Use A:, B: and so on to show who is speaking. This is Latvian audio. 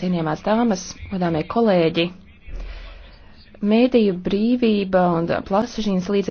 A: cienījamās dāmas, godāmie kolēģi. Mēdīju brīvība un plasažīnas līdz